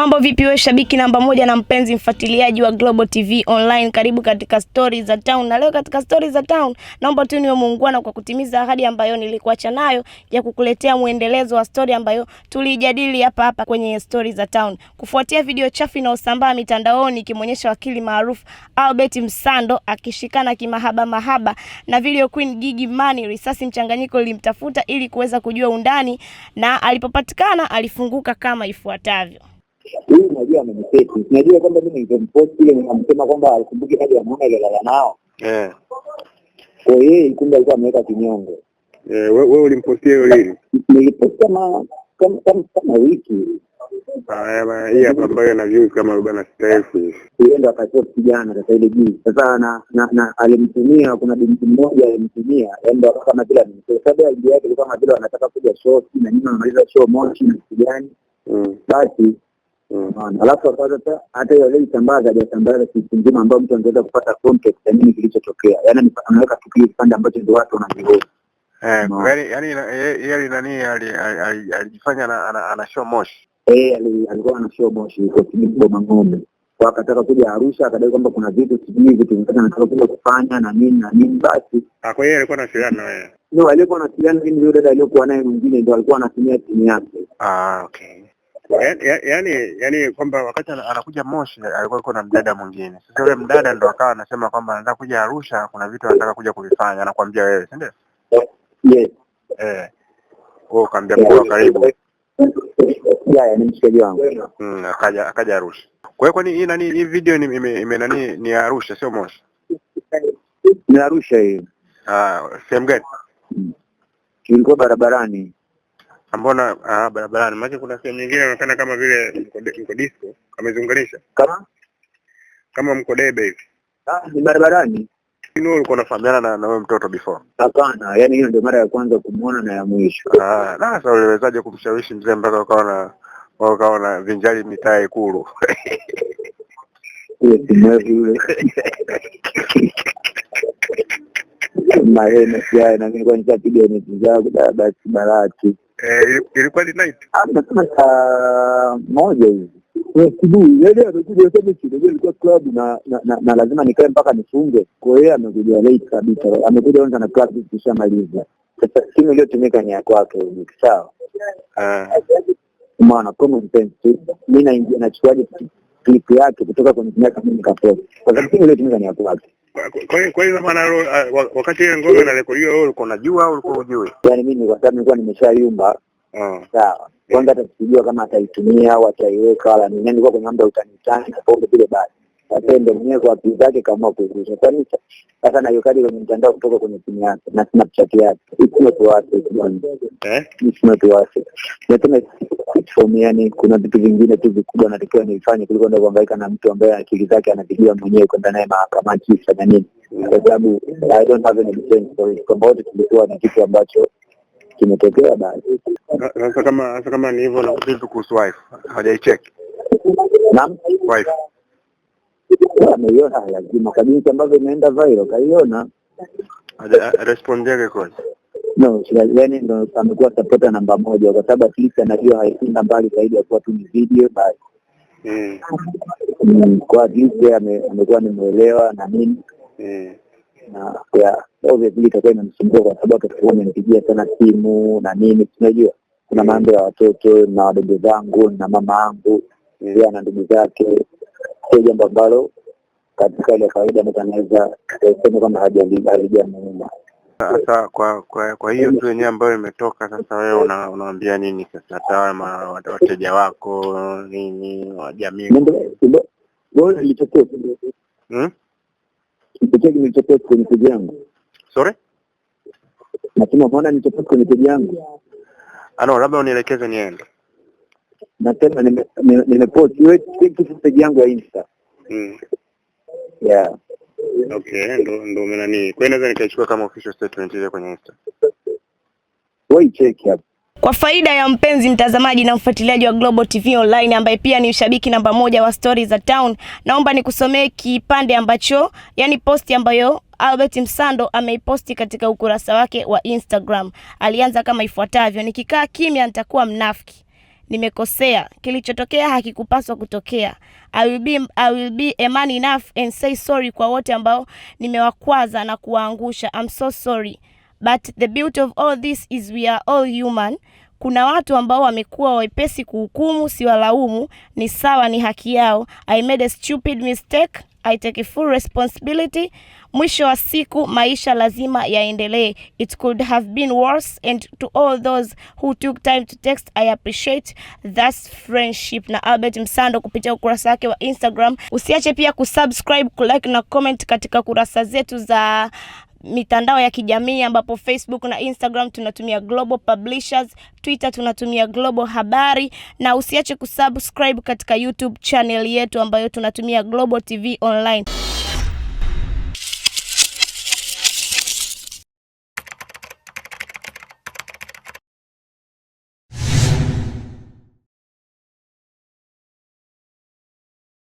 Mambo vipi wewe shabiki namba moja na mpenzi mfuatiliaji wa Global TV Online, karibu katika stories za town. Na leo katika stories za town, naomba tu niwe muungwana kwa kutimiza ahadi ambayo nilikuacha nayo ya kukuletea muendelezo wa story ambayo tulijadili hapa hapa kwenye stories za town, kufuatia video chafu inayosambaa mitandaoni ikimwonyesha wakili maarufu Albert Msando akishikana kimahaba mahaba na video queen Gigy Money. Risasi mchanganyiko ilimtafuta ili kuweza kujua undani, na alipopatikana alifunguka kama ifuatavyo huyu najua ameniseti, najua kwamba mi nilimposti ile nikamsema kwamba alikumbuki hadi ya mwana lala nao eh, kwa yeye kumbe alikuwa ameweka kinyongo eh. Wewe ulimpostia hiyo lili Nilipostia kama wiki hii hapa ambayo na views kama arobaini na sita elfu hiyo ndo akashot kijana sasa ile juu sasa na na, alimtumia kuna binti mmoja alimtumia yaani ndo kama vile sababu ya idea yake ilikuwa kama vile wanataka kuja show na nyuma wanamaliza show moshi na kijani mm. basi alafu ambazo hata hata hiyo aliyoisambaza hajasambaza siku nzima, ambayo mtu angeweza kupata context ya nini kilichotokea. Yani anaweka tu kile kipande ambacho ndio watu wanakiona. Eh, yani yeye nani alijifanya ana show moshi, alikuwa ana show moshi kwa boma ng'ombe, kwa akataka kuja Arusha akadai kwamba kuna vitu sijui vitu vingi nataka kuja kufanya na nini na nini. Basi ah, kwa hiyo alikuwa anawasiliana na wewe? Ndio, alikuwa anawasiliana, lakini yule dada aliyokuwa naye mwingine ndio alikuwa anatumia simu yake. Ah, okay yaani yaani kwamba wakati anakuja Moshi alikuwa yuko na mdada mwingine. Sasa yule mdada ndo akawa anasema kwamba anataka kuja Arusha, kuna vitu anataka kuja kuvifanya, anakuambia wewe, si ndio? Yes. Eh. Wewe ukaambia kwa karibu. Yeah, ni mshikaji wangu. Mm, akaja akaja Arusha. Kwa hiyo kwani hii nani hii video ni ime, ime nani ni Arusha sio Moshi? Ni Arusha hii. Ah, sehemu gani? Mm. Tulikuwa barabarani. Mbona ah, barabarani? Maana kuna sehemu nyingine inaonekana kama vile mko disco kameziunganisha kama kama mko debe hivi. Ah, ni barabarani. ulikuwa unafahamiana na na wewe mtoto before? Hapana, yani hiyo ndio mara ya kwanza kumuona na ya mwisho. Ah, na sasa uliwezaje kumshawishi mzee mpaka ukawa na ukawa na vinjali mitaa Ikulu? Ile simevu ile. Maana na ni zangu basi barati. Eh, ilikuwa ni night ah, saa moja hivi asubuhi. Yeye amekuja sema kidogo, ilikuwa club na na lazima nikae mpaka nifunge. Kwa hiyo amekuja late kabisa, amekuja kwanza na club kishamaliza. Sasa simu iliyotumika ni ya kwake, sawa. Ah. Umeona, mimi naingia nachukuaje klipu yake kutoka kwenye miaka mimi kapoli kwa sababu timu iliyotumika ni ya kwake. Kwa hiyo maana wakati ile ngoma eh. inarekodiwa, wewe ulikuwa unajua au ulikuwa unajui? Yani mimi kwa sababu nilikuwa nimeshayumba, ah. sawa, kwanza hata sikujua kama ataitumia au ataiweka wala nini, yaani nilikuwa kwenye mambo ya utani utani na pombe vile basi atende mwenyewe kwa akili zake, kama kuizusha kwani sasa naiwekaje kwenye mtandao kutoka kwenye simu yake na Snapchat yake? ikuwe tuwase bwana, eh, isiwe tuwase, nasema quit form, yani kuna vitu vingine tu vikubwa natakiwa nifanye kuliko ndo kuangaika na mtu ambaye akili zake anapijia mwenyewe kwenda naye mahakamani kisa na nini, kwa sababu I don't have any defense for it, kwamba wote tulikuwa na kitu ambacho kimetokea. Basi sasa, kama sasa kama ni hivyo, nakuuliza tu kuhusu wife, hajaicheki naam, wife ameiona, lazima kwa jinsi ambavyo imeenda viral kaiona, responde yake No, Shirajeni ndo amekuwa sapota namba moja, kwa sababu at least anajua haikwenda mbali zaidi ya kuwa tu ni video basi. Mm. mm. kwa at least ame, amekuwa nimeelewa na nini mm. na ya obviously itakuwa inamsumbua kwa sababu atakuwa amenipigia sana simu na nini, tunajua kuna mm. mambo ya watoto na wadogo zangu na mama yangu mm. pia na ndugu zake, sio jambo ambalo katika ile kawaida mtu anaweza kusema kwamba halijamuuma. Sasa kwa kwa, kwa hiyo tu yenyewe ambayo imetoka sasa, wewe una, unaambia nini sasa tawa wateja wako nini wajamii? Bora nilitokea hmm? Nilitokea nilitokea kwenye peji yangu. Sorry, nasema bora nilitokea kwenye peji yangu. Ano, labda unielekeze niende. Nasema nimepost nime, nime kitu peji yangu ya Insta mm. yeah Okay, ndo ndo maana nini. Kwa hiyo naweza nikaichukua kama official statement ile kwenye Insta. Wewe check hapo. Kwa faida ya mpenzi mtazamaji na mfuatiliaji wa Global TV Online ambaye pia ni mshabiki namba moja wa stori za town, naomba nikusomee kipande ambacho, yani posti ambayo Albert Msando ameiposti katika ukurasa wake wa Instagram. Alianza kama ifuatavyo: nikikaa kimya nitakuwa mnafiki nimekosea, kilichotokea hakikupaswa kutokea. I will be, I will be a man enough and say sorry kwa wote ambao nimewakwaza na kuwaangusha. I'm so sorry but the beauty of all this is we are all human. Kuna watu ambao wamekuwa wepesi kuhukumu, siwalaumu, ni sawa, ni haki yao. I made a stupid mistake I take full responsibility. Mwisho wa siku maisha lazima yaendelee. It could have been worse and to all those who took time to text I appreciate that friendship. Na Albert Msando kupitia ukurasa wake wa Instagram. Usiache pia kusubscribe, kulike na comment katika kurasa zetu za mitandao ya kijamii ambapo Facebook na Instagram tunatumia Global Publishers, Twitter tunatumia Global Habari, na usiache kusubscribe katika YouTube channel yetu ambayo tunatumia Global TV Online.